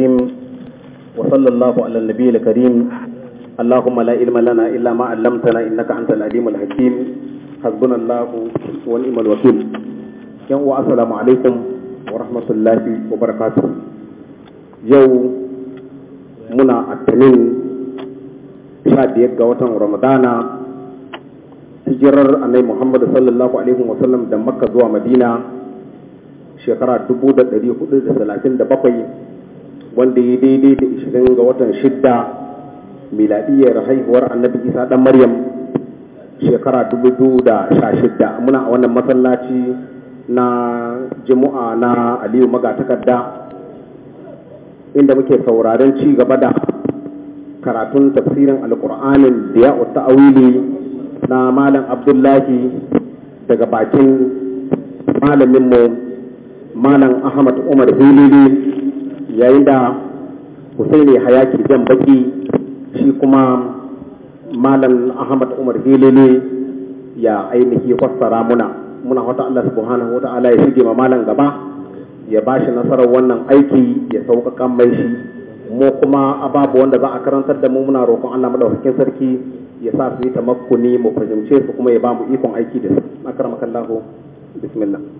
الرجيم وصلى الله على النبي الكريم اللهم لا علم لنا إلا ما علمتنا إنك أنت العليم الحكيم حسبنا الله ونعم الوكيل يوم السلام عليكم ورحمة الله وبركاته يوم منا التنين شاد يقوة رمضان hijirar annabi Muhammad sallallahu alaihi wasallam da Makka zuwa Madina shekara 1437 wanda ya daidai da 20 ga watan shidda miladiyar haihuwar annabi isa dan maryam shekara da 2016 muna a wannan masallaci na jimu'a na aliyu magatakarda inda muke sauraron ci gaba da karatun tafsirin alkur'anin da ya ta'awili na malam abdullahi daga bakin malaminmu malam ahmad umar hilili yayin da Hussein Yahaya ke jan baki shi kuma Malam Ahmad Umar Helele ya ainihi fassara muna muna wata Allah subhanahu wata'ala ya shige ma malam gaba ya ba shi nasarar wannan aiki ya sauƙaƙa mai shi mu kuma ababu wanda za a karantar da mu muna roƙon Allah madaukakin sarki ya sa su yi tamakkuni mu fahimce su kuma ya ba mu ikon aiki da su akramakallahu bismillah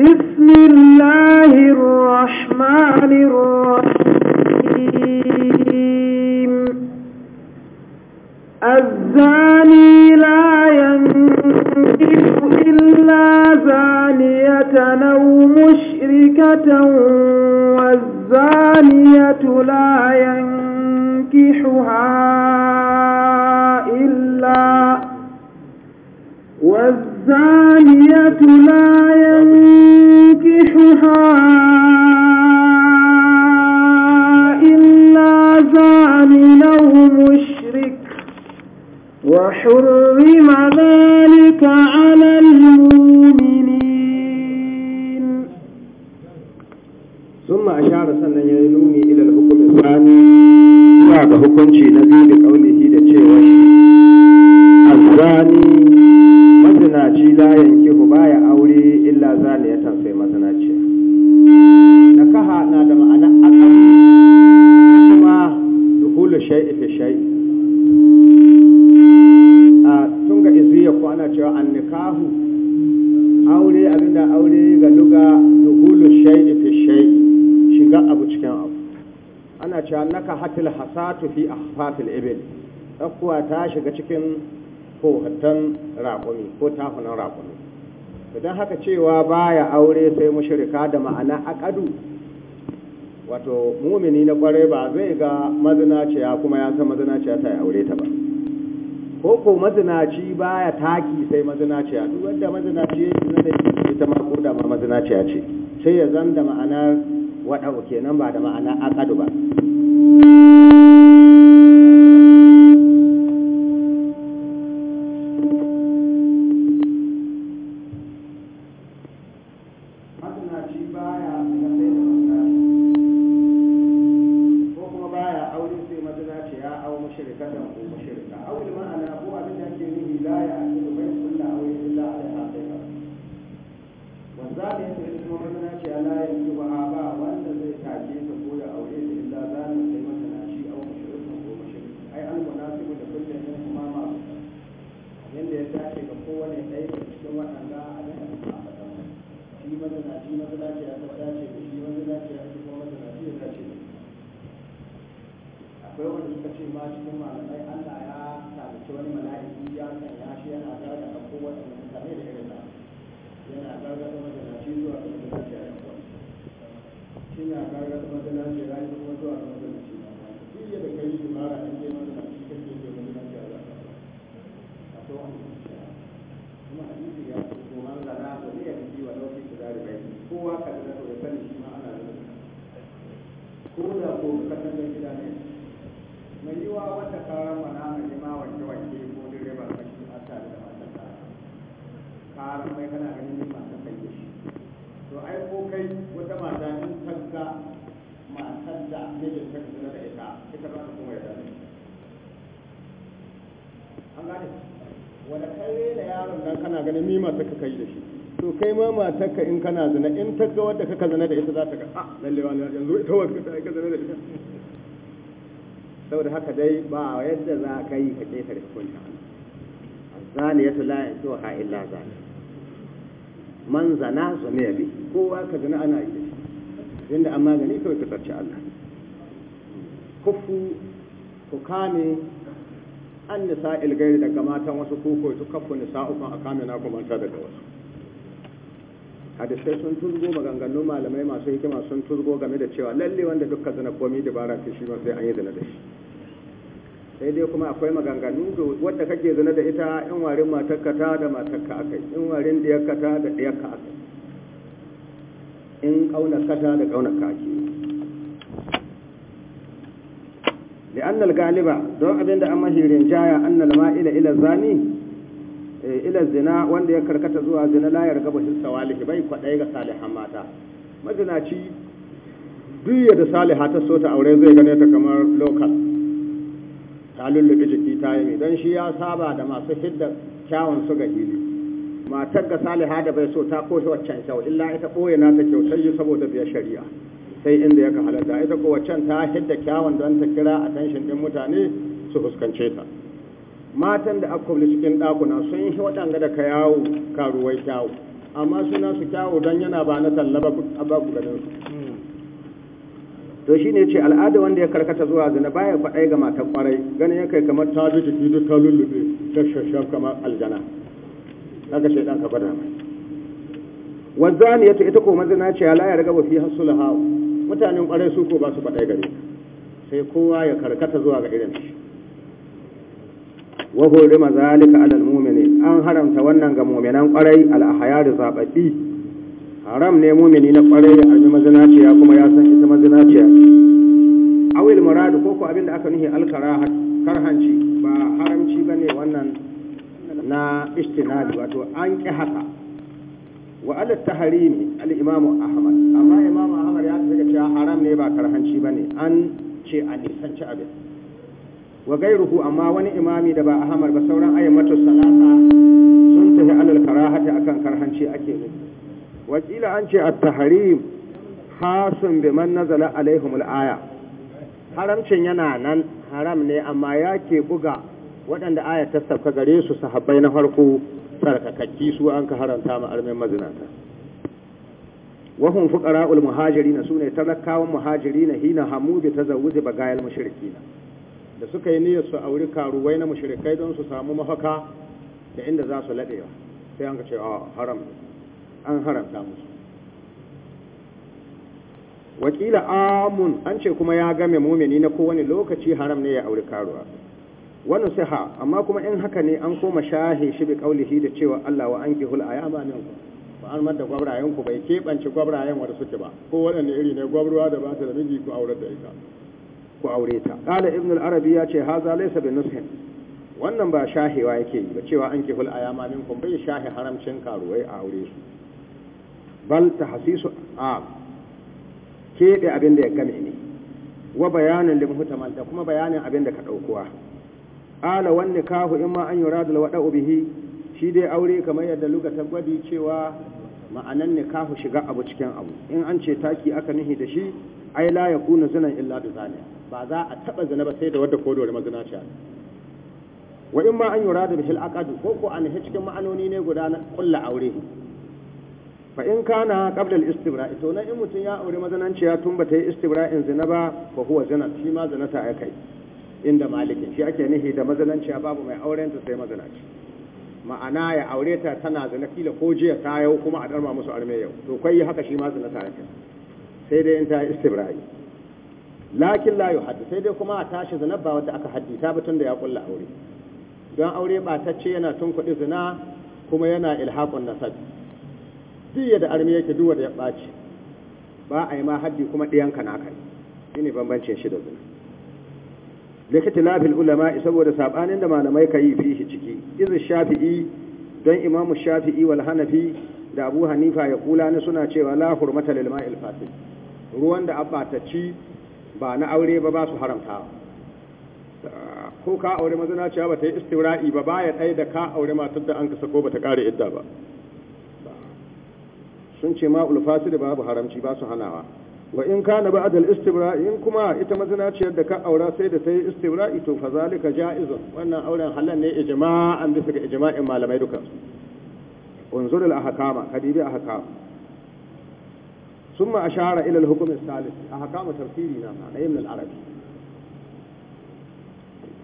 بسم الله الرحمن الرحيم الزاني لا ينكح إلا زانية أو مشركة والزانية لا ينكحها إلا والزانية لا إلا زال له مشرك وحرم ذلك على المؤمنين ثم أشار سنة ينوني إلى jufatul ibil tsakuwa ta shiga cikin kohatan raƙumi ko tafunan raƙumi idan haka cewa baya aure sai mushrika da ma'ana aqadu wato mumini na kwarai ba zai ga mazinaciya kuma ya san mazinaciya ta aure ta ba ko ko mazinaci baya taki sai mazinaciya duk wanda mazinaci yake na da ita ma da ma mazinaciya ce sai ya zan da ma'anar wadau kenan ba da ma'ana aqadu ba illa alaiha sai wanda da ce ba ba wanda zai take ta ko ya aure ta illa zalim sai mata na shi ai da ma yanda ya dace ga kowane ɗaya cikin waɗanda ala a shi ya taɓa dace da shi ya taɓa mazinaci ya dace akwai wanda suka ce ma cikin malamai Allah ya tabbaci wani mala'iki ya shi yana tare waɗanda mutane da irin yana gargaɗa zuwa a yankuwa shina zuwa na rani duk yadda kuma ko da ne ya ma ana ko da gida ne mai yiwa wata karama na dan kana ganin ni mata ka kai da shi to kai ma ka in kana zina in ta ga wadda kaka zina da ita za ta ga a ah, lalle wani yanzu ita wadda ka ga zina da ita saboda haka dai ba yadda za ka yi ka keta da hukuncin Allah zani ya tula ya tuha illa zani man zana zane ya bi kowa ka zina ana yi da shi inda amma gani kawai ka tsarci Allah kufu ku kame an nisa ilgari daga matan wasu koko su kafa nisa ukun a kame na kumanta daga wasu hadisai sun turgo maganganun malamai masu hikima sun turgo game da cewa lalle wanda dukkan zina komi dabara fi shi sai an yi zina da shi sai dai kuma akwai maganganu wadda kake zina da ita in warin matakka ta da aka yi, in warin diyarka ta da diyarka akai in kaunarka ta da kaunarka ake لأن الغالبة دون أبين دا أما هيرين جاية أن الماء إلى الزاني إلى الزنا وان دي كركت زوا زنا لا يرغب في الصوالح بأي قد أيغا صالحا ماتا مزنا شي دي دا صالحا تسوتا أو ريزي غنيتا كما لوكال talin da jiki ta yi don shi ya saba da masu hidda kyawun su ga hili matar ga saliha da bai so ta koshe waccan kyau illa ita ɓoye na ta kyautar sai inda yaka halatta ita ko waccan ta hidda kyawun don ta kira attention din mutane su fuskance ta matan da aka cikin ɗakuna sun yi waɗanda da ka yawo karuwai kyawu amma suna su kyawu don yana ba na talla ba ku ganin su to shi ne ce al'ada wanda ya karkata zuwa zina baya faɗai ga matan kwarai, ganin ya kai kamar ta bi jiki duk ta lullube ta shashaf kamar aljana haka shaidan ka gwada mai wanzaniyatu ita ko mazina ce ya la ya riga ba fi hasulaha mutanen kwarai su ko ba su faɗai gare sai kowa ya karkata zuwa ga irin shi wa hurima zalika alal mu'mini an haramta wannan ga mu'minan kwarai al ahyari zabati haram ne mu'mini na kwarai ya armi zinaciya kuma ya san ita mazinaciya awil muradu ko ko abinda aka nuhi al karaha karhanci ba haramci bane wannan na istinadi wato an ki haka wa ala taharimi al imamu ahmad amma imamu ahmad ya tafi cewa haram ne ba karhanci bane an ce a nisanci abin wa gairuhu amma wani imami da ba ahmad ba sauran ayyamatu salata sun tafi alal karahati akan karhanci ake ne kila an ce at taharim hasun bi man nazala alaihim al aya haramcin yana nan haram ne amma yake buga waɗanda aya ta sauka gare su sahabbai na farko tsarkakakki su an ka haranta ma armen mazinata wahun fuqara ul muhajirin sune talakawan muhajirin hina hamu bi tazawwuji bagayal mushrikin da suka yi niyyar su auri karuwai na mushrikai don su samu mafaka da inda za su ladewa sai an ka ce a ah, haram an haramta musu wakila amun an ce kuma ya game mumini na kowane lokaci haram ne ya auri karuwa wani siha amma kuma in haka ne an koma shahe shi bi kaulihi da cewa Allah wa an kihul ayama min ku ba an madda gwabrayen ku bai keɓance gwabrayen wanda suke ba ko wadanne iri ne gwabruwa da ba ta da miji ku aure da ita ku aure ta qala ibn al-arabi ya ce haza laysa bi nushin wannan ba shahewa yake yi ba cewa an kihul ayama min ku bai shahe haramcin karuwai a aure su bal tahsisu a keɓe abin da ya gane ne wa bayanin limhutamal da kuma bayanin abin da ka daukuwa ala kahu in ma an yuradu alwada'u bihi shi dai aure kamar yadda luka gwadi cewa ma'anan kahu shiga abu cikin abu in an ce taki aka nihi da shi ai la yakunu zinan illa bi zani ba za a taba zina ba sai da wadda ko dore ce wa ma an radul bihi alaqad ko ko an cikin ma'anoni ne guda na kullu aure fa in kana qabla al-istibra to na in mutun ya aure mazinanciya tun ba ta yi in zina ba fa huwa zina shi ma zina ta aikai inda maliki shi ake nihi da a babu mai aurenta sai mazanaci ma'ana ya aure ta tana zina fila ko jiya ta yau kuma a darma musu arme yau to kai yi haka shi ma zina ta yake sai dai in ta istibra'i lakin la yuhaddu sai dai kuma a tashi zina ba wata aka haddi ta batun da ya kulla aure don aure ba ta ce yana tun kuɗi zina kuma yana ilhaqun nasab duk da arme yake duwa da ya ɓaci ba a yi ma haddi kuma ɗiyanka na kai shine bambancin shi da zina da ulamai saboda sabanin da malamai ka yi fi shi ciki izu shafi'i don imamu shafi'i wal hanafi da abu hanifa ya kula ni suna cewa la hurmata lil ma'il fasid ruwan da abatacci ba na aure ba ba su haramta ko ka aure mazana cewa ba ta yi istira'i ba ba ya ɗaya da ka aure matar da an kasa ko ba ta kare idda ba sun ce ma'ul fasid babu haramci ba su hanawa wa in ka na ba'adal istibra'i in kuma ita mazinaciyar da ka aura sai da ta yi istibra'i to fa zalika ja'izun wannan auren halal ne ijma'an bisa ga ijma'in malamai duka unzur al ahkama hadibi ahkam thumma ashara ila al hukm al thalith ahkam tafsiri na ma'ana ibn al arabi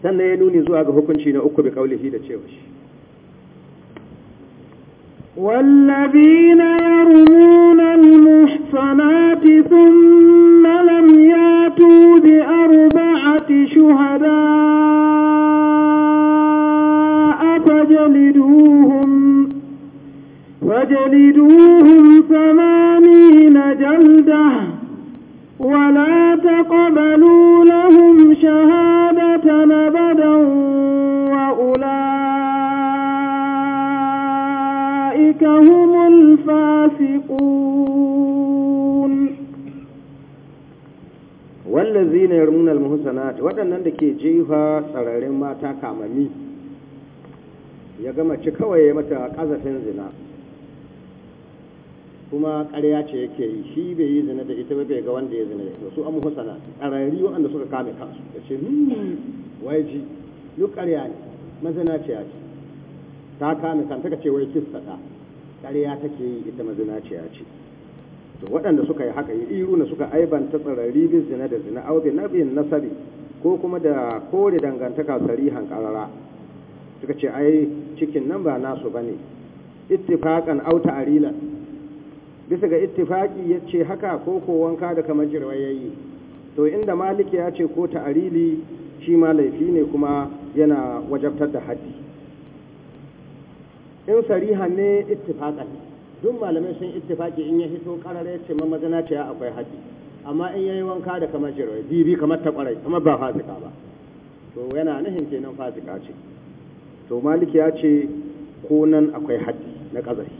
sannan ya nuni zuwa ga hukunci na uku bi qawlihi da cewa shi والذين يرمون المحصنات ثم لم ياتوا بأربعة شهداء فجلدوهم فجلدوهم ثمانين جلده da ke jefa tsararin mata kamami ya gama ci kawai mata ƙazafin zina kuma ƙarya ce yake yi shi bai yi zina da ita ba bai ga wanda ya zina ya ita su an husana ƙarari waɗanda suka kame kansu da ce hmm, wai ji duk ƙarya ne mazina ce ta kame kanta ka ce wai kista ta ƙarya take yi ita mazina ce to waɗanda suka yi haka yi iru na suka aibanta tsararri bin zina da zina au na nabin nasabi ko kuma da kore dangantaka sarihan karara suka ce ai cikin nan ba nasu bane ittifaqan aw ta'rilan bisa ga ittifaqi yace haka ko ko wanka da kamar jirwayayi to inda maliki ya ce ko ta'rili shi ma laifi ne kuma yana wajabtar da haddi in sariha ne ittifaqan duk malamai sun ittifaqi in ya hito karara yace mamazana ce akwai haddi amma in yayi wanka da kamar shirwai bibi kamar ta kwarai amma ba fasika ba to yana nahin kenan fasika ce to maliki ya ce ko nan akwai haddi na kazari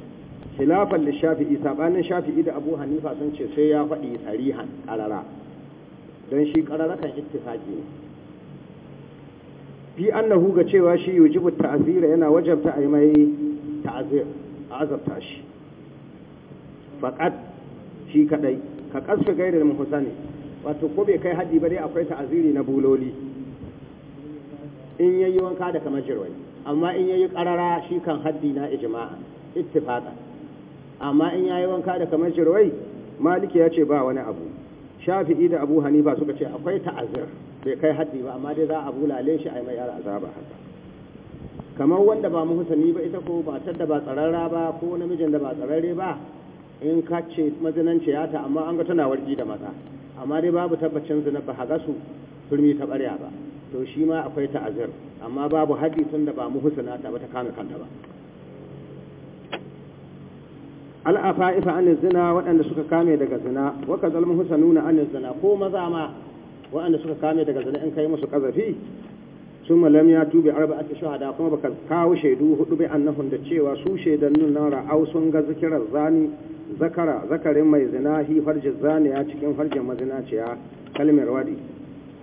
khilafan li shafi'i sabanin shafi'i da abu hanifa sun ce sai ya faɗi sarihan karara don shi karara kan ittifaqi ne fi annahu ga cewa shi yujibu ta'zira yana wajabta a yi mai ta'zir azabta shi faqat shi kadai ka kashe gairar muhsani wato ko bai kai haddi ba dai akwai ta'aziri na buloli in yayi wanka da kamar jirwai amma in yayi karara shi kan haddi na ijma'a ittifaqa amma in yayi wanka da kamar jirwai maliki ya ce ba wani abu shafi'i da abu hanifa suka ce akwai ta'azir bai kai haddi ba amma dai za a bulale shi a yi mai azaba haka kamar wanda ba muhsani ba ita ko ba da ba tsararra ba ko namijin da ba tsararre ba in ka ce mazinanci ya yata amma an ga tana warki da maza amma dai babu tabbacin zina ba haga su turmi ta barya ba to shi ma akwai ta'azir amma babu haddi tun da ba mu ta ba ta kama kanta ba al'afa'ifa an zina waɗanda suka kame daga zina waka zalmu husanuna an zina ko maza ma waɗanda suka kame daga zina in kai musu kazafi sun malam ya tube arba ake shahada kuma baka kawo shaidu hudu bai annahun da cewa su nun nan ra'au sun ga zikirar zani zakara zakarin mai zina hi harjin zaniya cikin harjin mazinaciya kalmar wadi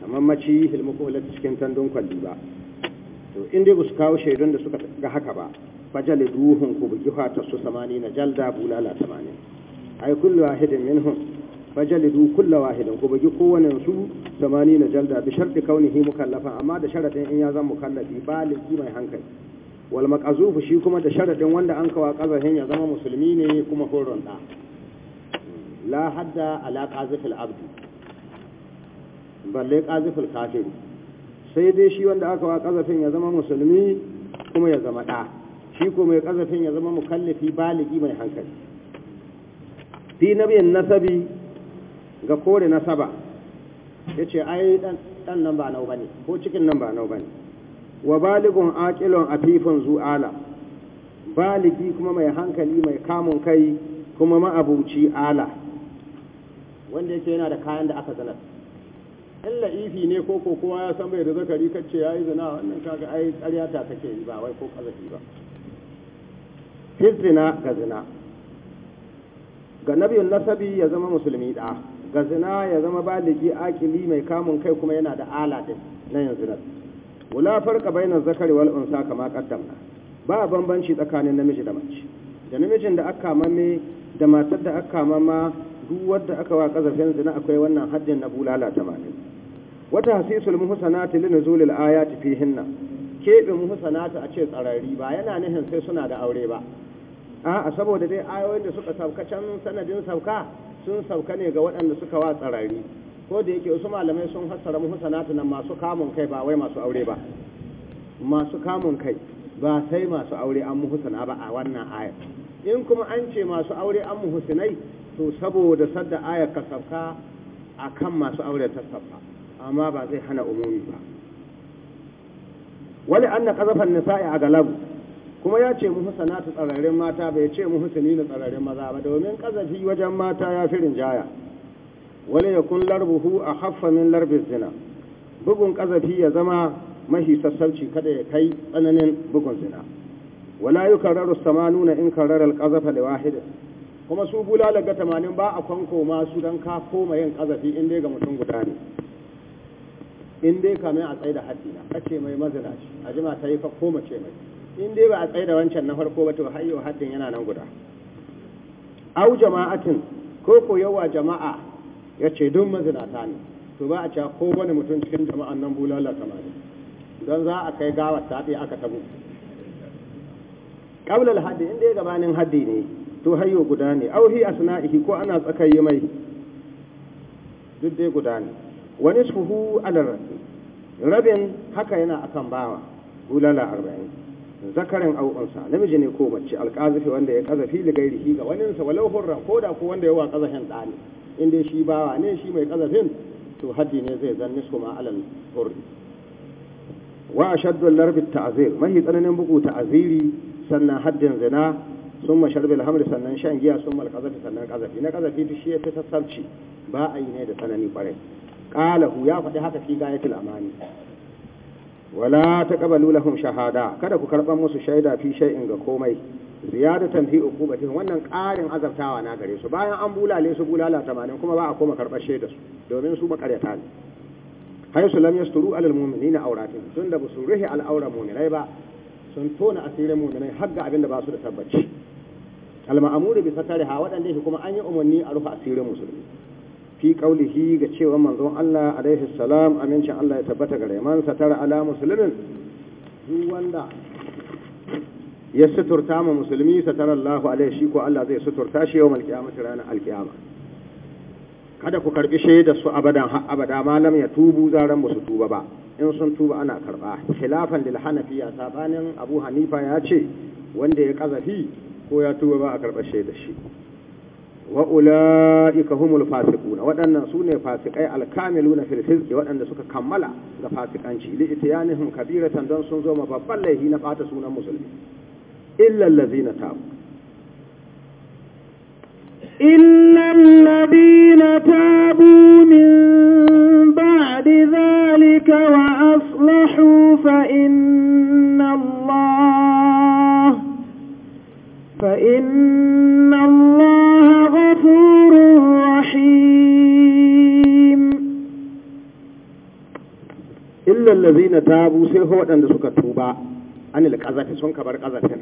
amma maci hilmuku cikin tandun kwalli ba to inda ba su kawo shaidun da suka ga haka ba fajali duhun ku bugi fatar su samani na jalda bulala samani ai kullu wahidin minhum fajali du kullu wahidin ku bugi kowannen su na jalda bi sharti kaunihi mukallafa amma da sharadin in ya zan mukallafi baligi mai hankali wal maqazufu shi kuma da sharadin wanda an kawa qazahin ya zama musulmi ne kuma horon da la hadda ala qazifil abdi balle qazifil kafiri sai dai shi wanda aka wa qazafin ya zama musulmi kuma ya zama da shi ko mai qazafin ya zama mukallafi baligi mai hankali fi nabiyin nasabi ga kore nasaba ya ce ai dan nan ba nau ba ko cikin nan ba nau ba wa baligun aqilun afifin zu'ala baligi kuma mai hankali mai kamun kai kuma ma'abuci ala wanda yake yana da kayan da aka zanar in la'ifi ne ko ko kowa ya san bai da zakari kacce ya yi zina wannan kaga ai ƙarya ta kake yi ba wai ko ƙazafi ba fi zina ga zina ga nabiyun nasabi ya zama musulmi ɗaya ga zina ya zama baligi akili mai kamun kai kuma yana da ala na yanzu nan wala farka bainar zakari wal unsa kama kaddamna ba bambanci tsakanin namiji da mace da namijin da aka mame da matar da aka mama duk wanda aka wa kazafin zina akwai wannan haddin na bulala 80 wata hasisul muhsanati linuzulil ayati fihinna keɓe muhsanata a ce tsarari ba yana nihin sai suna da aure ba a'a saboda dai ayoyin da suka sauka can sanadin sauka sun sauka ne ga waɗanda suka wa tsarari ko da yake wasu malamai sun fassara muhsanatu nan masu kamun kai ba wai masu aure ba masu kamun kai ba sai masu aure an muhsana ba a wannan ayar in kuma an ce masu aure an muhsinai to saboda sadda ayar ka sauka akan masu aure ta sauka amma ba zai hana umumi ba wani an na kazafan nisa'i a galabu kuma ya ce muhu sanatu tsararin mata bai ce muhu na tsararin maza ba domin kazafi wajen mata ya fi rinjaya wale ya kun larbuhu a haffamin larbin zina bugun kazafi ya zama mahi sassauci kada ya kai tsananin bugun zina wala yi kararar sama nuna in kararar kazafa da wahida kuma su bulala ga tamanin ba a kwanko masu don ka koma yin kazafi in dai ga mutum guda ne in dai kamin a tsaye da haddina kace mai mazina a jima ta yi fa koma ce mai in dai ba a tsaye da wancan na farko ba to hayyo haddin yana nan guda au jama'atin ko ko yawa jama'a ya ce don mazinata ne to ba a cewa ko wani mutum cikin jama'an nan bulala tamanin don za a kai gawar ta aka tabu ƙaular haddi in dai gabanin haddi ne to hayo guda ne auhi a asna'ihi ko ana yi mai duk dai guda ne wani suhu alarrafi rabin haka yana akan bawa bulala arba'in zakarin aw namiji ne ko mace alƙazafi wanda ya kazafi gairi shi ga wani sa walau hurra ko da ko wanda ya wa ƙazafin da ne inda shi bawa ne shi mai ƙazafin to haddi ne zai zanni su ma alal hurri wa ashaddu al tazir mahi tsananin bugu ta'ziri sannan haddin zina ma sharbil hamr sannan shan giya sun ma ƙazafi sannan ƙazafi na ƙazafi to shi ya fi sassarci ba a yi ne da tsanani kwarai qalahu ya faɗi haka fi gayatul amani wala ta taqbalu lahum shahada kada ku karban musu shaida fi shay'in ga komai ziyadatan fi uqubatihim wannan ƙarin azabtawa na gare su bayan an bulale su bulala tamanin kuma ba a koma karbar shaida su domin su makaryata ne haisu lam yasturu alal mu'minina awratihim tunda ba su rihi al awra mu'minai ba sun tona asirin mu'minai har ga abin da ba su da tabbaci al ma'muru bi satariha waɗanda shi kuma an yi umarni a rufa asirin musulmi fi kaulihi ga cewa manzon Allah alaihi salam amincin Allah ya tabbata gare man satara ala muslimin duk wanda ya suturta ma musulmi satara Allah alaihi shi ko Allah zai suturta shi yau qiyamati ranar alkiyama? kada ku karbi shaidar su abadan har abada malam ya tubu zaran ba su tuba ba in sun tuba ana karba khilafan lil hanafiya sabanin abu hanifa ya ce wanda ya kazafi ko ya tuba ba a karba da shi وأولئك هم الفاسقون وأن نسون الفاسق أي الكاملون في الفزق وأن نسوك كملا الفاسق أنشي لإتيانهم كبيرة دون سنزوم فبالله نفعت سون مسلم إلا الذين تابوا إلا الذين تابوا من بعد ذلك وأصلحوا فإن الله فإن الله illal ladzina tabu sai ho waɗanda suka tuba anil qazafi sun kabar qazafin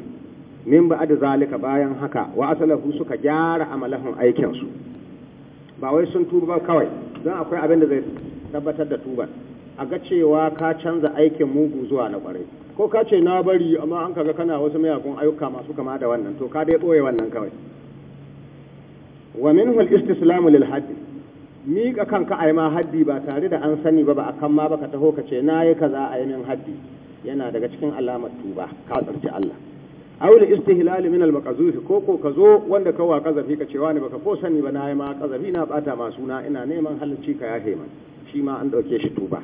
min ba da zalika bayan haka wa asalahu suka gyara amalahun aikin su ba wai sun tuba ba kawai don akwai abin da zai tabbatar da tuba a ga cewa ka canza aikin mugu zuwa na ƙwarai. ko ka ce na bari amma an kaga kana wasu mayakun ayyuka masu kama da wannan to ka dai ɓoye wannan kawai wa minhul istislamu lil haddi miƙa kanka a ma haddi ba tare da an sani ba ba a kan ma ba ka taho ka ce na yi kaza a yi min haddi yana daga cikin alamar tuba ka tsarci Allah aure istihlal min al maqazufi ko ko ka zo wanda ka wa kazafi ka ce wani baka ko sani ba na yi ma kazafi na bata ma suna ina neman halacci ka ya man shi ma an ɗauke shi tuba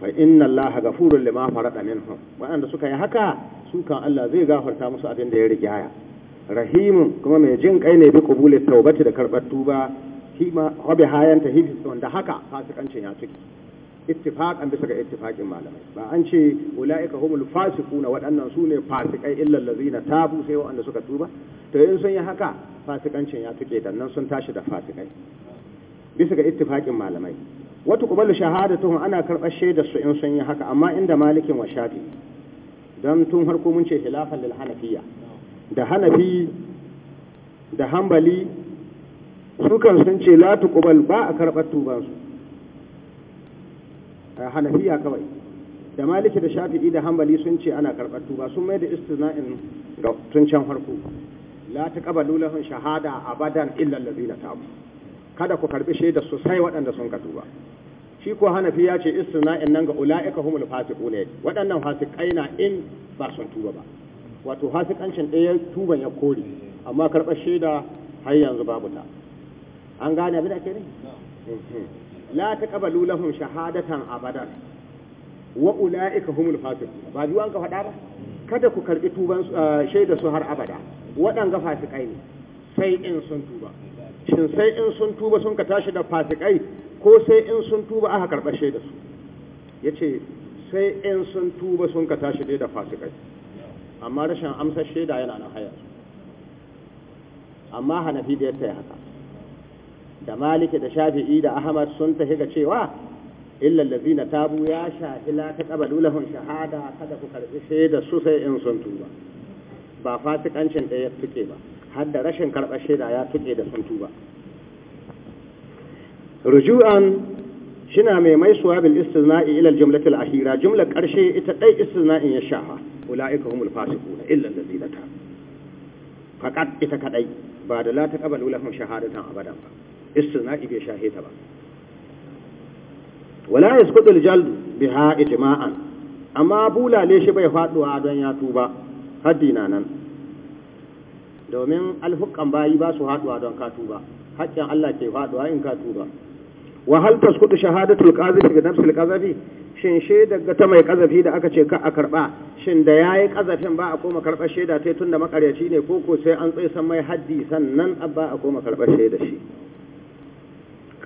fa inna Allah furin lima farada minhu waɗanda suka yi haka su kan Allah zai gafarta musu abin da ya rigaya rahimun kuma mai jin kai ne bi qabuli tawbati da karbar tuba hima hobi hayan ta hifisun da haka fasikancin ya tuki ittifaq an bisa ga ittifaqin malamai ba an ce ulaika humul fasiquna waɗannan su ne fasikai illal ladzina tabu sai waɗanda suka tuba to in sun yi haka fasikancin ya tuke dan nan sun tashi da fasikai bisa ga ittifaqin malamai wata kubalu shahadatuhum ana karɓar shaidar su in sun yi haka amma inda malikin wa shafi don tun harko mun ce hilafan lil hanafiya da hanafi da hanbali sukan sun ce la tuqbal ba a karɓar tuba su hanafiya kawai da maliki da shafi'i da hanbali sun ce ana karɓar tuba sun mai da istina'in ga tun can farko la taqbalu lahum shahada abadan illa allazina tabu kada ku karbi shaida su sai waɗanda sun ka tuba shi ko hanafiya ce istina'in nan ga ula'ika humul fasiquna waɗannan fasikai na in ba sun tuba ba wato hasikancin ɗaya tuban ya kore amma karɓar shaida har yanzu babu ta an gane abin da ake nufi eh, eh. la taqbalu lahum shahadatan abadan wa ulaika humul fasiq ba biyu an ka faɗa ba kada ku karbi tuban eh, shaida su har abada waɗanga fasikai ne sai in sun tuba shin sai in sun tuba sun ka tashi da fasikai ko sai in sun tuba aka karba shaida su yace sai in sun tuba sun ka tashi dai da fasikai amma rashin amsar shaida yana nan haya amma hanafi da ya haka da maliki da shafi'i da ahmad sun tafi ga cewa illal ladina tabu ya shafi ta taqabalu lahum shahada kada ku karbi shaida su sai in sun tuba ba fasikancin da ya tuke ba har da rashin karɓar shaida ya tuke da sun tuba rujuan shina mai suwa bil istizna'i ila jumlatil akhira jumlar karshe ita dai istizna'in ya shafa ulaika humul fasiquna illa allazina tabu faqat ita kadai ba da la taqabalu lahum shahadatan abadan ba istinai bai shahe ta ba wala yasqutu al biha ijma'an amma bulale shi bai faduwa don ya tuba haddi na nan domin alhukan bayi ba su haduwa don ka tuba haƙƙin Allah ke faduwa in ka tuba wa hal tasqutu shahadatul qazifi ga nafsil qazafi shin shaidar ga ta mai kazafi da aka ce ka a karba shin da yayi kazafin ba a koma karbar shaida tai tunda makaryaci ne ko sai an tsaye san mai haddi sannan abba a koma karbar shaida shi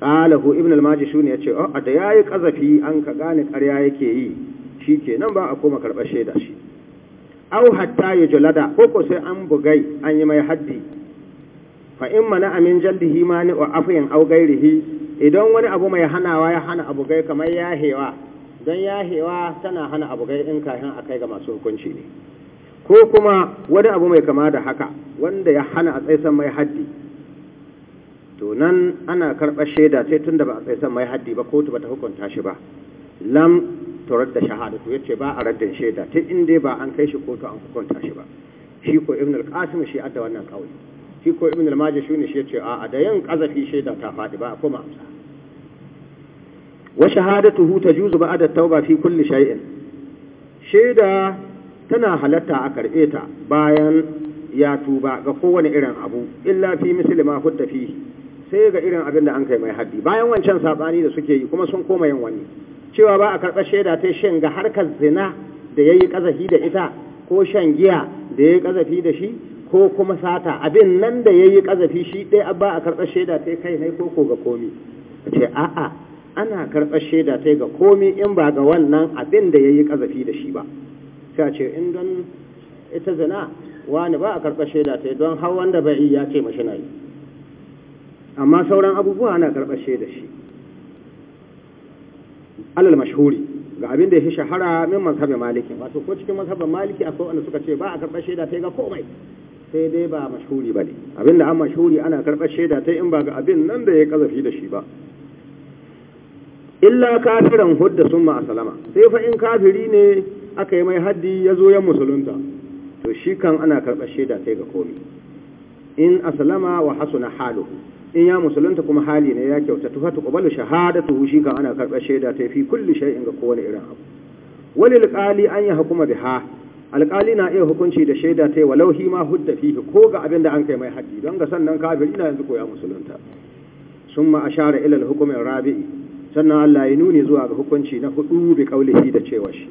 ƙalahu ibn al ya ce oh, a da ya yi ƙazafi an ka gane ƙarya yake yi shi ke nan ba a koma karɓar shaida shi au hatta jalada ko ko sai an bugai an yi mai haddi fa in mana amin jaldihi ma ni wa afiyan aw gairihi idan wani abu mai hanawa ya hana abu gai kamar yahewa don yahewa tana hana abu gai in kafin kai ga masu hukunci ne ko kuma wani abu mai kama da haka wanda ya hana a tsaisan mai haddi to nan ana karɓar shaida sai tun da ba a tsaye san mai haddi ba kotu ba ta hukunta shi ba lam radda da to yace ba a raddin shaida tun in dai ba an kai shi kotu an hukunta shi ba shi ko ibn al-qasim shi adda wannan kauli shi ko ibn al-majah shi ne shi yace a da yan qazafi shaida ta faɗi ba a koma amsa wa shahadatuhu tajuzu ba'da tauba fi kulli shay'in shaida tana halatta a karɓe ta bayan ya tuba ga kowane irin abu illa fi muslima hudda fihi sai ga irin abin da an kai mai haddi bayan wancan sabani da suke yi kuma sun koma yin wani cewa ba a karɓar shaida ta shin ga harkar zina da yayi kazafi da ita ko shan giya da yayi kazafi da shi ko kuma sata abin nan da yayi kazafi shi ɗaya ba a karɓar shaida ta kai ne ko ko ga komi ce a'a ana karɓar shaida ta ga komi in ba ga wannan abin da yayi kazafi da shi ba sai ce in don ita zina wani ba a karɓar shaida ta don har wanda bai yi ya ce mashi na yi amma sauran abubuwa ana karɓar shaida shi alal mashhuri ga abin da ya fi shahara min mazhabin maliki wato ko cikin mazhabin maliki akwai wanda suka ce ba a karɓar shaida sai ga komai sai dai ba mashhuri bane abin da an mashhuri ana karɓar shaida ta in ba ga abin nan da ya kazafi da shi ba illa kafiran hudda sun ma salama sai fa in kafiri ne aka yi mai haddi ya zo 'yan musulunta to shi kan ana karɓar shaida sai ga komai in aslama wa hasuna haluhu in ya musulunta kuma hali ne ya kyauta tuha ta shahada, shahadatu shi kan ana karɓar shaida ta fi kulli shay'in ga kowane irin abu wani alƙali an yi hukuma biha alƙali na iya hukunci da shaida ta walau lauhi ma hudda fihi ko ga abin da an kai mai haddi don ga sannan kafiri na yanzu ko ya musulunta summa ashara ila hukumin rabi'i sannan Allah ya nuni zuwa ga hukunci na hudu bi qaulihi da cewa shi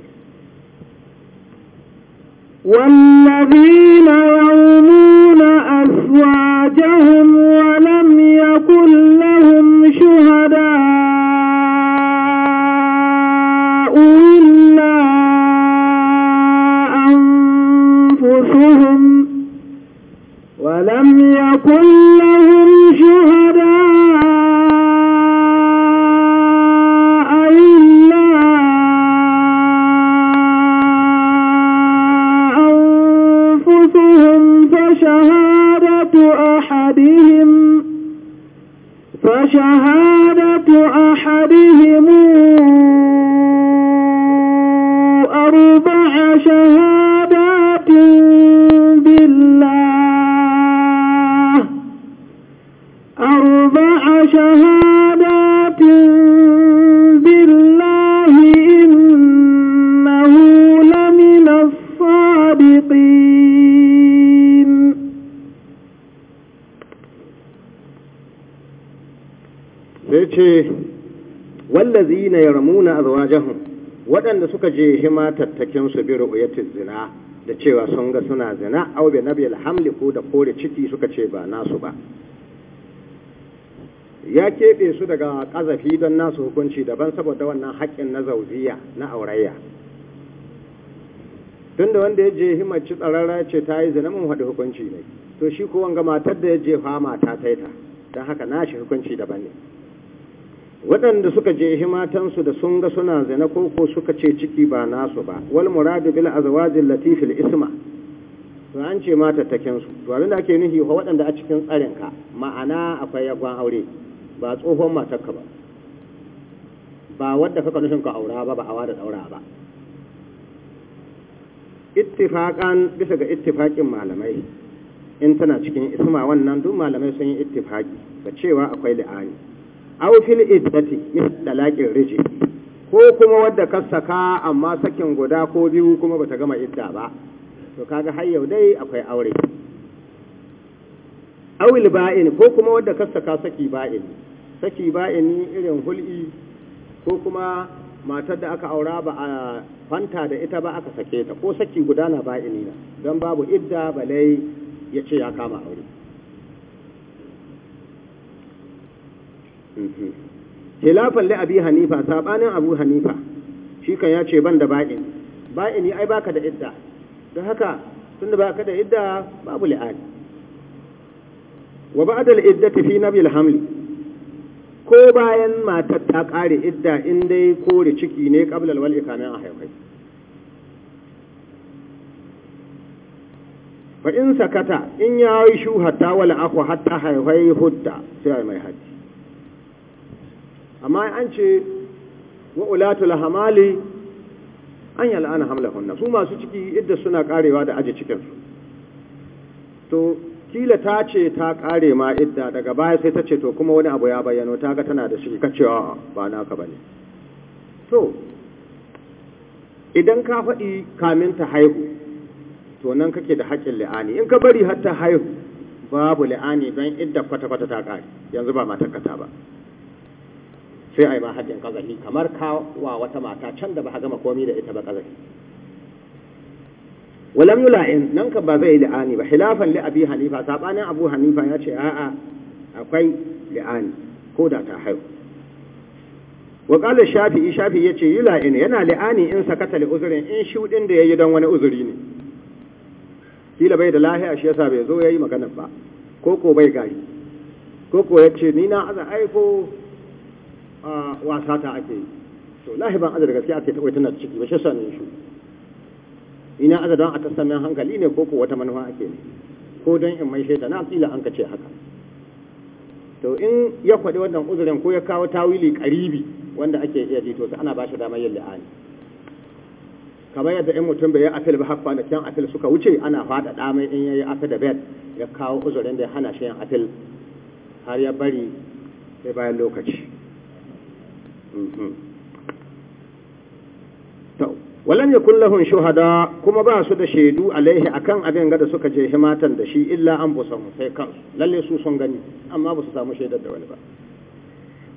والذين يرمون أزواجهم ولم يكن لهم شهداء waɗanda suka je hima tattakin su bi ru'yatil zina da cewa sun ga suna zina aw bi nabil hamli ko da kore ciki suka ce ba nasu ba ya keɓe su daga ƙazafi don nasu hukunci daban saboda wannan haƙƙin na zauziya na aurayya tun da wanda ya je ci tsararra ce ta yi zina mun haɗu hukunci ne to shi ko wanga matar da ya je fama ta taita don haka nashi hukunci daban ne waɗanda suka je matansu da sun ga suna zina koko suka ce ciki ba nasu ba wal muradu bil azwajil latifil isma to an ce mata taken su to abinda ake nufi wa waɗanda a cikin tsarin ka ma'ana akwai yagon aure ba tsohon matarka ba ba wanda kaka nufin ka aura ba ba awa da daura ba ittifaqan bisa ga ittifaqin malamai in tana cikin isma wannan duk malamai sun yi ittifaqi ba cewa akwai la'ani aw fil iddati min talaqin riji ko kuma wadda ka saka amma sakin guda ko biyu kuma bata gama idda ba to kaga har yau dai akwai aure awil ba'in ko kuma wadda ka saka saki ba'in saki ba'in irin hul'i ko kuma matar da aka aura ba a fanta da ita ba aka sake ta ko saki guda na ba'ini na don babu idda balai ya ce ya kama aure khilafan li abi hanifa sabanin abu hanifa shi kan ya ce ban da ba'in ba'ini ai baka da idda don haka tunda baka da idda babu li'ani wa ba'da al-iddati fi nabil hamli ko bayan matar ta kare idda in dai kore ciki ne qabla al-wal a ahaifai fa in sakata in yi shu hatta wal akhu hatta haifai hutta sai mai haji amma an ce wa ulatul hamali an yal'ana hamlahunna su masu ciki idda suna karewa da aje cikin su to kila ta ce ta kare ma idda daga baya sai ta ce to kuma wani abu ya bayyana ta ga tana da shi kacewa ba naka bane to idan ka faɗi kamin ta haihu to nan kake da haƙƙin la'ani in ka bari har ta haihu babu la'ani don idda kwata-kwata ta ƙare yanzu ba matakata ba sai a yi ma hajjin kazafi kamar kawa wata mata can da ba a gama komi da ita ba kazafi walam yula'in nan ka ba zai li'ani ba hilafan li abi hanifa sabanin abu hanifa ya ce a'a akwai li'ani ko da ta haihu wa qala shafi'i shafi'i yace yula'in yana li'ani in sakata li uzrin in shudin da yayi don wani uzuri ne kila bai da lahiya shi yasa bai zo yayi magana ba ko ko bai gari ko ko yace ni na aza aiko wasa ta ake yi to lahi ban azar gaskiya ake ta tana ciki ba shi sa ne shi ina azar don a tasamin hankali ne ko ko wata manufa ake ne ko don in mai shaita na kila an ka ce haka to in ya kwaɗi wannan uzurin ko ya kawo tawili karibi wanda ake iya ji to sai ana ba shi damar yin la'ani kamar yadda in mutum bai yi afil ba har kwanakin afil suka wuce ana fada damai in ya yi afil da bed ya kawo uzurin da ya hana shi yin afil har ya bari sai bayan lokaci walam yakun lahum shuhada kuma ba su da shaidu alaihi akan abin da suka je himatan da shi illa an busahu sai kansu lalle su sun gani amma ba su samu shaidar da wani ba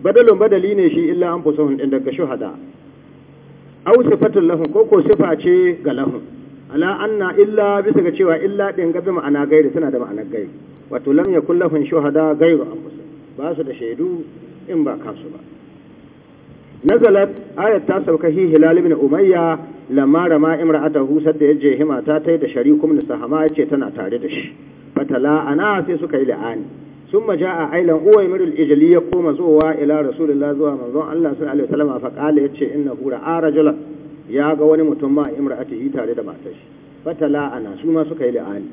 badalun badali ne shi illa an busahu din daga shuhada aw sifatun lahum ko ko sifa ce ga lahum ala anna illa bisa ga cewa illa din gabi ma'ana gairi suna da ma'anar gairi wato lam yakun lahum shuhada gairu an busa ba su da shaidu in ba kansu ba nazalat ayat ta sauka hi hilal ibn umayya lamma rama imra'atahu sadda yaje hima ta tai da sharikum ni sahama yace tana tare da shi fatala ana sai suka yi la'ani summa jaa ailan uwaymir al-ijli ya koma zuwa ila rasulullah zuwa manzon Allah sallallahu alaihi wasallam fa qala yace innahu ra'a rajulan ya ga wani mutum ma imra'atihi tare da matar shi fatala ana su ma suka yi la'ani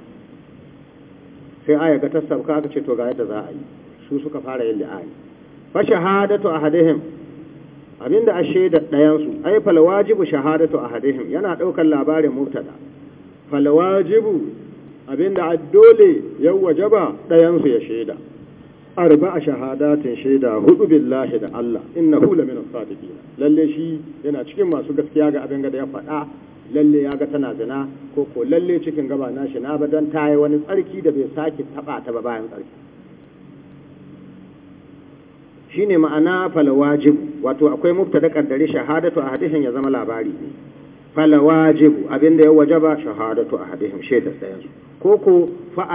sai aya ga ta sauka aka ce to ga yadda za a yi su suka fara yin la'ani fa shahadatu ahadihim Abin abinda a shaidar ɗayansu ai falwajibu shahadatu ahadihim yana ɗaukar labarin mubtada falwajibu abinda a dole ya ba, ɗayansu ya shaida arba'a shahadatin shaida hudu billahi da Allah innahu lamina sadiqin lalle shi yana cikin masu gaskiya ga abin da ya faɗa lalle ya ga tana zina ko ko lalle cikin gaba na shi na badan tayi wani tsarki da bai sake taba ta ba bayan tsarki Shi ne ma'ana falawajib wato akwai da kaddari shahadatu hadishin ya zama labari ne falawajib abinda ya wajaba shahadatu ahadihim shaidar dayan su koko fa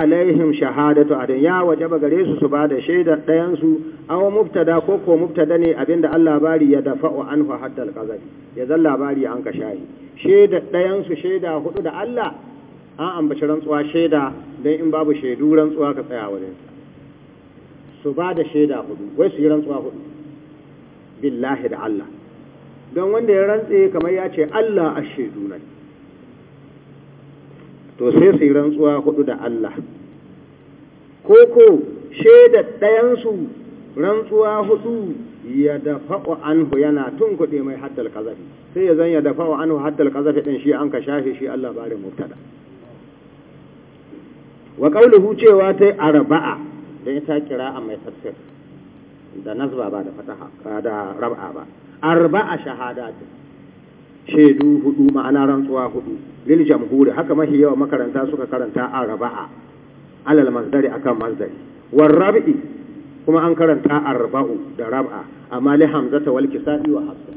shahadatu a ya wajaba gare su su bada shaidar ɗayansu su aw mubtada koko mubtada ne abinda an labari ya an fa haddal kazari ya zan labari an ka shahi shaidar ɗayansu shaida hudu da Allah an ambaci rantsuwa shaida dan in babu shaidu rantsuwa ka tsaya wajen su ba da shaida hudu wai su yi rantsuwa hudu billahi da Allah don wanda ya rantse kamar ya ce Allah a shaidu nan to sai su yi rantsuwa hudu da Allah ko ko shaida ɗayansu rantsuwa hudu ya dafa'u anhu yana tun kuɗe mai haddal kazafi sai ya zan ya wa anhu haddal kazafi ɗin shi an ka shafe shi Allah bari mubtada wa hucewa cewa tai arba'a da ita a mai tafsir da nazba ba da fataha da rab'a ba arba'a shahadatin shaidu hudu ma'ana rantsuwa hudu lil jamhuri haka mahi yawa makaranta suka karanta a raba'a alal masdari akan masdari war rab'i kuma an karanta arba'u da rab'a amma li hamzata wal kisabi wa hasa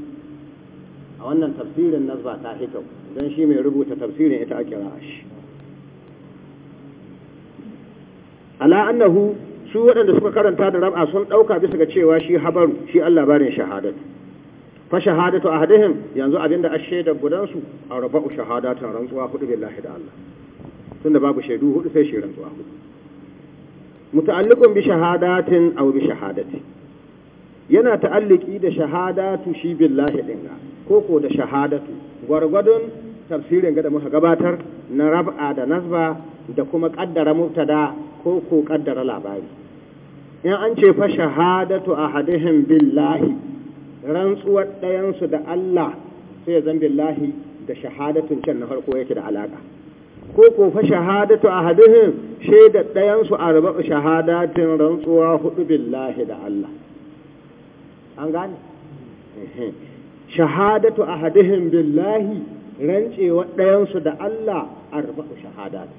a wannan tafsirin nazba ta hikam dan shi mai rubuta tafsirin ita ake ra'a shi ala annahu su waɗanda suka karanta da rab'a sun ɗauka bisa ga cewa shi habaru shi Allah barin shahadatu fa shahadatu ahadihim yanzu abinda ashe da gudansu a shahadatu shahadatan rantsuwa hudu billahi da Allah tunda babu shaidu hudu sai shi rantsuwa hudu muta'alliqun bi shahadatin aw bi shahadati yana ta'alliki da shahadatu shi billahi dinga koko da shahadatu gwargwadon tafsirin ga da muka gabatar na rab'a da nasba da kuma kaddara mubtada ko ko kaddara labari in an ce fa shahadatu ahadihim billahi rantsuwar ɗayansu da Allah sai zan billahi da shahadatun can na farko yake da alaka ko ko fa shahadatu ahadihim shaida ɗayansu arba'u shahadatin rantsuwa hudu billahi da Allah an gane shahadatu ahadihim billahi rantsewa ɗayansu da Allah arba'u shahadat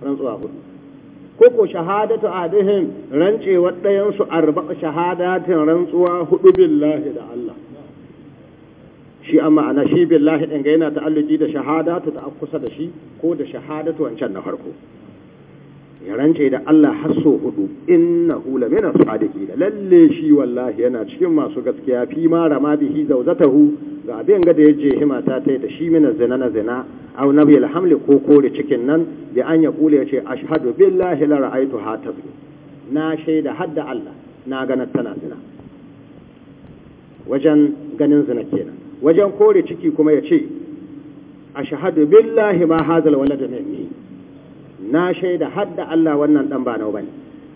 rantsuwa hudu ko ko shahadatu adihim rancewar ɗayan su arba shahadatin rantsuwa hudu billahi da Allah shi amma ana shi billahi ɗin ga yana ta'alluki da shahadatu ta kusa da shi ko da shahadatu wancan na farko ya rance da Allah har so hudu inna hula mina sadiki da lalle shi wallahi yana cikin masu gaskiya fi ma rama bihi zauzatahu ga abin ga da ya himata ta da shi mina zina na zina aw nabi alhamli ko kore cikin nan da an ya kula ya ce ashhadu billahi la ra'aytu hatab na shaida hadda Allah na ganin tana zina wajen ganin zina kenan wajen kore ciki kuma ya ce ashhadu billahi ma hazal walad minni na shaida hadda Allah wannan dan ba nawa bane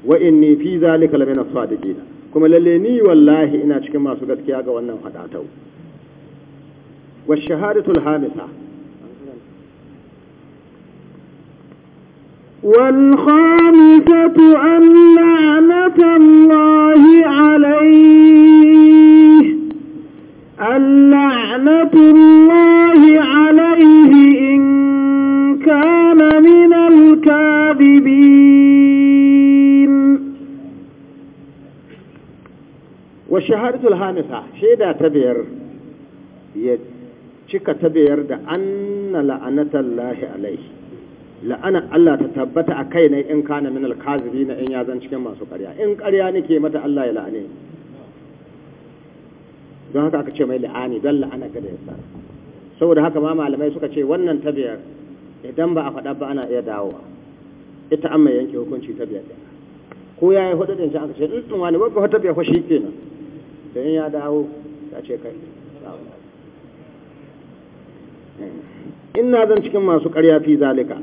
wa inni fi zalika lamina sadiqina kuma lalle ni wallahi ina cikin masu gaskiya ga wannan fadatau والشهادة الخامسة والخامسة أن لعنة الله عليه أن لعنة الله عليه إن كان من الكاذبين والشهادة الخامسة شهادة تبير يد cika tabiyar da anna lahi alaihi la'ana Allah ta tabbata a kai ne in kana min alkazibi na in ya zan cikin masu ƙarya in ƙarya nake mata Allah ya la'ane don haka aka ce mai la'ani don la'ana ka da yasa saboda haka ma malamai suka ce wannan tabiyar idan ba a faɗa ba ana iya dawowa ita an mai yanke hukunci tabiyar biyar ko ya yi hudu ɗin shi aka ce in mm, wani babba ta biyar ko shi kenan da in ya dawo ya ce kai inna zan cikin masu ƙarya fi zalika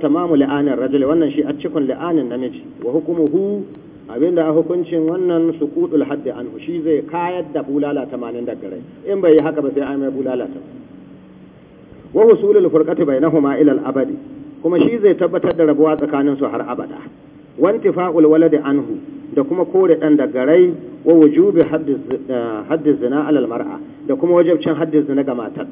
ta mamu li'anin rajul wannan shi a cikin li'anin namiji wa hukumu hu, abinda a hukuncin wannan su suqutul haddi anhu shi zai kayar da bulala manin daga rai in bai yi haka ba sai ai mai bulala ta wa husulul furqati bainahuma ila al-abadi kuma shi zai tabbatar da rabuwa tsakanin su har abada Wanti wantifa'ul waladi anhu da kuma kore dan daga rai wa wujubi eh, haddi zina alal mar'a da kuma wajibcin haddi zina ga matar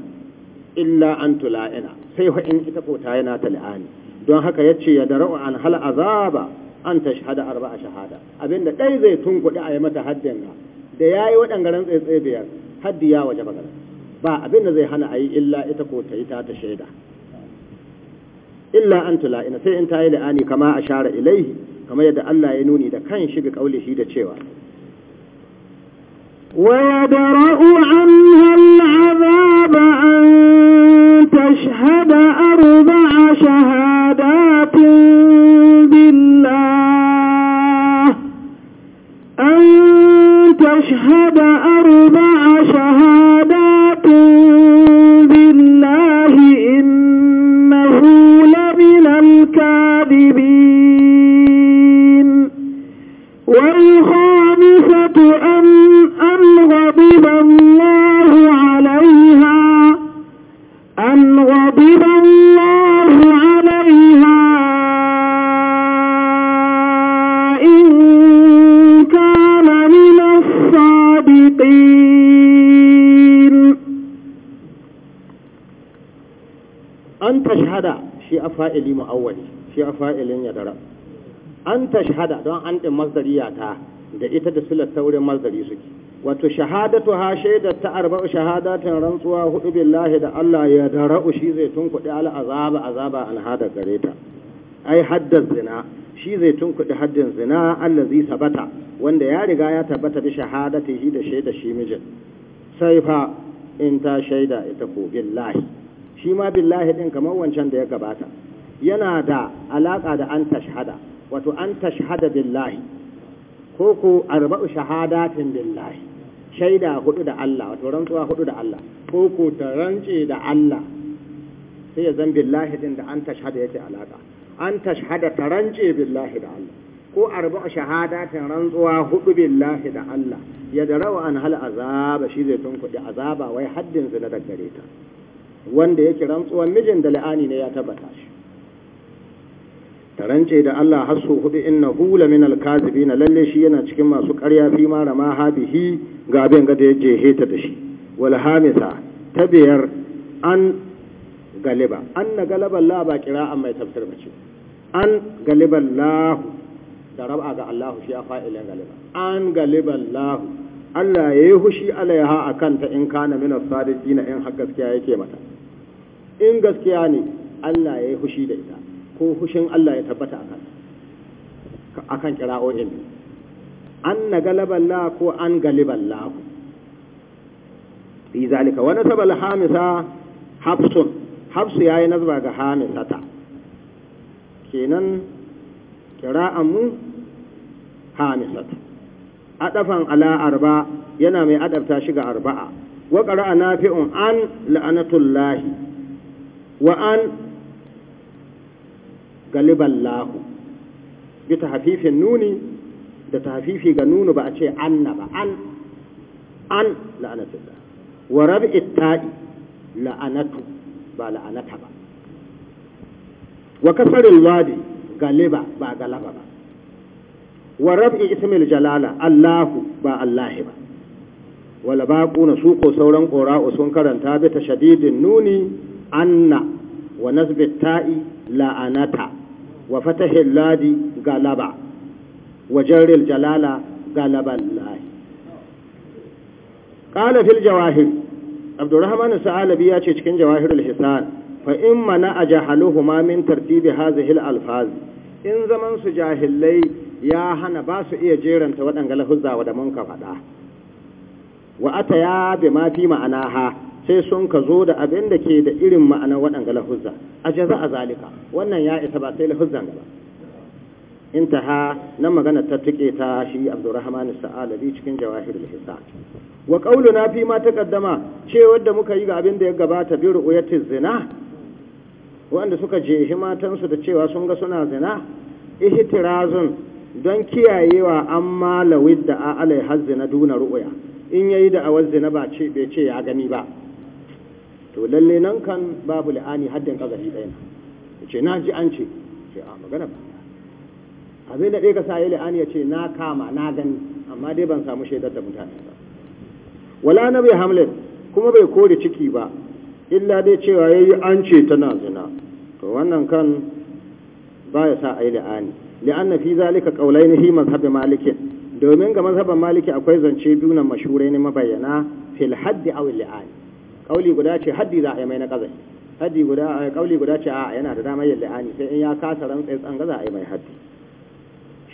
illa an tula'ina sai in ita ko ta yana ta la'ani don haka yace ya dara'u an hal azaba an tashhada arba'a shahada abinda dai zai tunkuɗi a yi mata haddin ga da yayi waɗanga ran tsaye biyar haddi ya waje bagara ba abinda zai hana a yi illa ita ko ta yi ta ta shaida illa an tula'ina sai in ta yi la'ani kama ashara ilaihi kamar yadda Allah ya nuni da kan shiga ga shi da cewa ويدرأ عنها العذاب an تشهد أربع شهادات بالله أن تشهد أربع شهادات بالله إنه لمن الكاذبين والخير a fa'ili mu'awwali shi a fa'ilin ya an ta shahada don an ɗin ta da ita da silar saurin mazari suke wato shahadatu ha shaida ta arba'u shahadatin rantsuwa hudu billahi da Allah ya ra'u shi zai tunkuɗi al azaba azaba gare ai haddar zina shi zai tunkuɗi haddin zina allazi sabata wanda ya riga ya tabbata bi shi da shaida shi mijin sai fa in ta shaida ita ko billahi shi ma billahi din kamar wancan da ya gabata yana da alaka da an tashhada wato an tashhada billahi ko ko arba'u shahadatin billahi shaida hudu da Allah wato rantsuwa hudu da Allah ko ko ta rance da Allah sai ya zan billahi din da an tashhada yake alaka an tashhada ta rance billahi da Allah ko arba'u shahadatin rantsuwa hudu billahi da Allah ya darawa an hal azaba shi zai tunkuɗe azaba wai haddin zina da gare ta wanda yake rantsuwan mijin da la'ani ne ya tabbata shi tarance da Allah har so hudu inna hula min alkazibi na lalle shi yana cikin masu ƙarya fi ma rama habihi ga abin ga da ya jeheta da shi wal hamisa ta biyar an galiba an na galiban la ba kira an mai tafsir bace an galiban lahu da raba ga Allah shi ya fa'ilan galiba an galiban lahu Allah ya yi hushi alaiha a kanta in kana min as na in har gaskiya yake mata in gaskiya ne Allah ya yi hushi da ita ko hushin Allah ya tabbata a kanta akan kira'o'in an na galaban ko an galiban la fi zalika wani sabal hamisa hafsun hafsu ya yi nazba ga hamisata kenan kira'an mu hamisata adafan ala arba yana mai adabta shi ga arba'a wa qara'a nafi'un an la'anatullahi wa an galiballahu bi tahfifin nuni da tahfifi ga nunu ba a ce anna ba an an la'anatullah wa rab'i ta'i la'anatu ba la'anata ba wa kasarin wadi galiba ba galaba ba wa rab'i ismil jalala Allahu ba Allahi ba wala baquna su ko sauran qura'u sun karanta bi tashadidin nuni anna wa nasbi ta'i la'anata wa fatahi ladi galaba wa jarril jalala galaba Allahi qala fil jawahir Abdurrahman Sa'alabi ya ce cikin jawahirul hisan fa in mana ajahaluhuma min tartibi hadhihi al alfaz in zaman su jahilai ya hana ba su iya jeranta waɗanga lahuzawa da munka faɗa wa ata ya bi ma fi ha sai sun ka zo da abin da ke da irin ma'anar waɗanga lahuzza a jaza a zalika wannan ya isa ba sai ba inta intaha na magana ta tike ta shi abdurrahman sa'alabi cikin jawahir al-hisa wa qauluna fi ma taqaddama ce da muka yi ga abin da ya gabata bi ru'yati zina wanda suka jehi matansu da cewa sun ga suna zina ihtirazun don kiyayewa an wadda da alai hazi na duna ru'uya in yayi da awar zina ba ce bai ce ya gani ba to lalle nan kan babu la'ani haddin kazari ɗaya na ce na ji an ce ce a magana ba abin da ɗaya ka sa yi la'ani ya ce na kama na gani amma dai ban samu shaidar da mutane ba wala na bai hamlet kuma bai kore ciki ba illa dai cewa ya yi an ce tana zina to wannan kan ba ya sa a yi la'ani لأن في ذلك قولين هي مذهب مالك domin ga mazhaban maliki akwai zance biyu na mashurai ne mabayyana fil haddi aw li'an qauli guda ce haddi za a yi mai na kazai haddi guda qauli guda ce a yana da damar yin li'ani sai in ya kasa rantsai tsanga za a yi mai haddi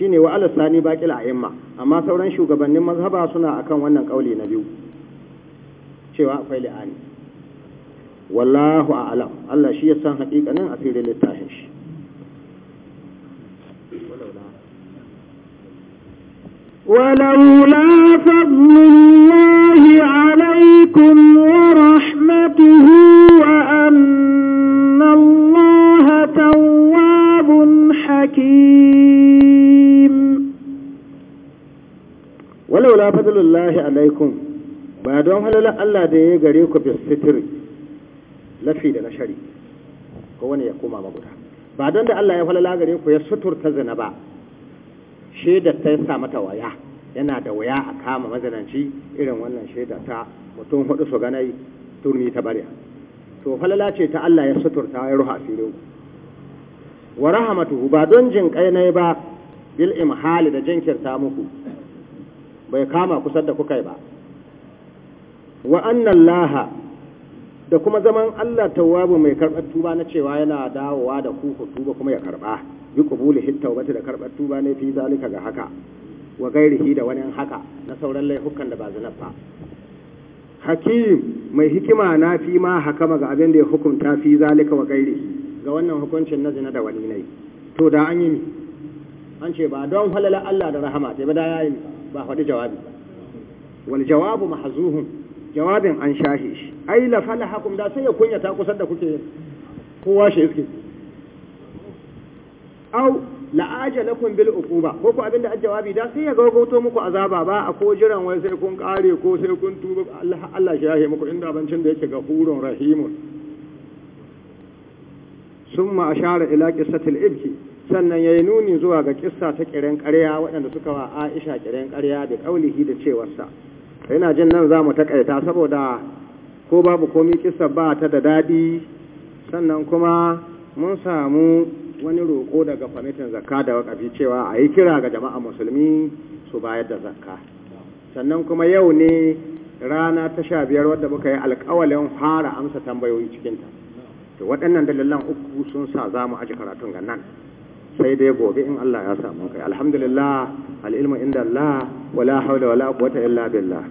shine wa alasani baqil a'imma amma sauran shugabannin mazhaba suna akan wannan qauli na biyu cewa akwai li'ani wallahu a'lam Allah shi ya san hakikanin asirin littafin shi ولولا فضل الله عليكم ورحمته وأن الله تواب حكيم ولولا فضل الله ba don halalar Allah da ya gare ku bisitiri lafi da na shari ko wani ya koma maguda ba don da Allah ya falala gare ku ya suturta zina ba shaidar ta sa mata waya yana da waya a kama mazananci irin wannan shaidar ta mutum hudu su ganai turmi ta barya to falala ce ta Allah ya suturta ya ruha asirin wa rahamatuhu ba don jin kai ne ba bil imhali da jinkirta muku bai kama kusa da kukai ba wa laha, da kuma zaman Allah tawwabu mai karɓar tuba na cewa yana dawowa da ku ku tuba kuma ya karɓa bi hitta hittaubati da karbar tuba ne fi zalika ga haka wa gairihi da wani haka na sauran laifukan da ba zanar ba hakim mai hikima na fi ma hakama ga abin da ya hukunta fi zalika wa gairihi ga wannan hukuncin na zina da wani ne to da an yi an ce ba don halala Allah da rahama sai ba da yayin ba faɗi jawabi wal jawabu mahzuhun jawabin an shahi shi ai la falahakum da sai ya kunyata kusa da kuke kowa shi iske aw kun bil uquba ko ko abinda ajawabi da sai ya gaggauto muku azaba ba a ko jiran wai sai kun kare ko sai kun tuba Allah Allah ya yahe muku inda bancin da yake hurun rahimun summa ashara ila qissatil ibki sannan yayi nuni zuwa ga kissa ta kiran ƙarya waɗanda suka wa Aisha kiran ƙarya da kaulihi da cewarsa ina jin nan zamu takaita saboda ko babu komai kissa ba ta da dadi sannan kuma mun samu wani roƙo daga kwamitin zakka da wakafi cewa a yi kira ga jama'a musulmi su bayar da zakka sannan kuma yau ne rana ta sha biyar wadda muka yi alkawalin fara amsa tambayoyi cikinta to waɗannan dalilan uku sun sa za mu aji karatun ga nan sai dai gobe in Allah ya samu kai alhamdulillah al'ilmu inda Allah wala haula wala quwwata illa billah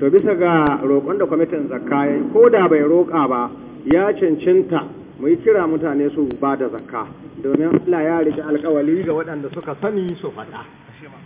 to bisa ga roƙon da kwamitin zakka ko da bai roƙa ba ya cancanta mu yi kira mutane su ba da zakka domin Allah ya rike alkawali ga waɗanda suka sani su faɗa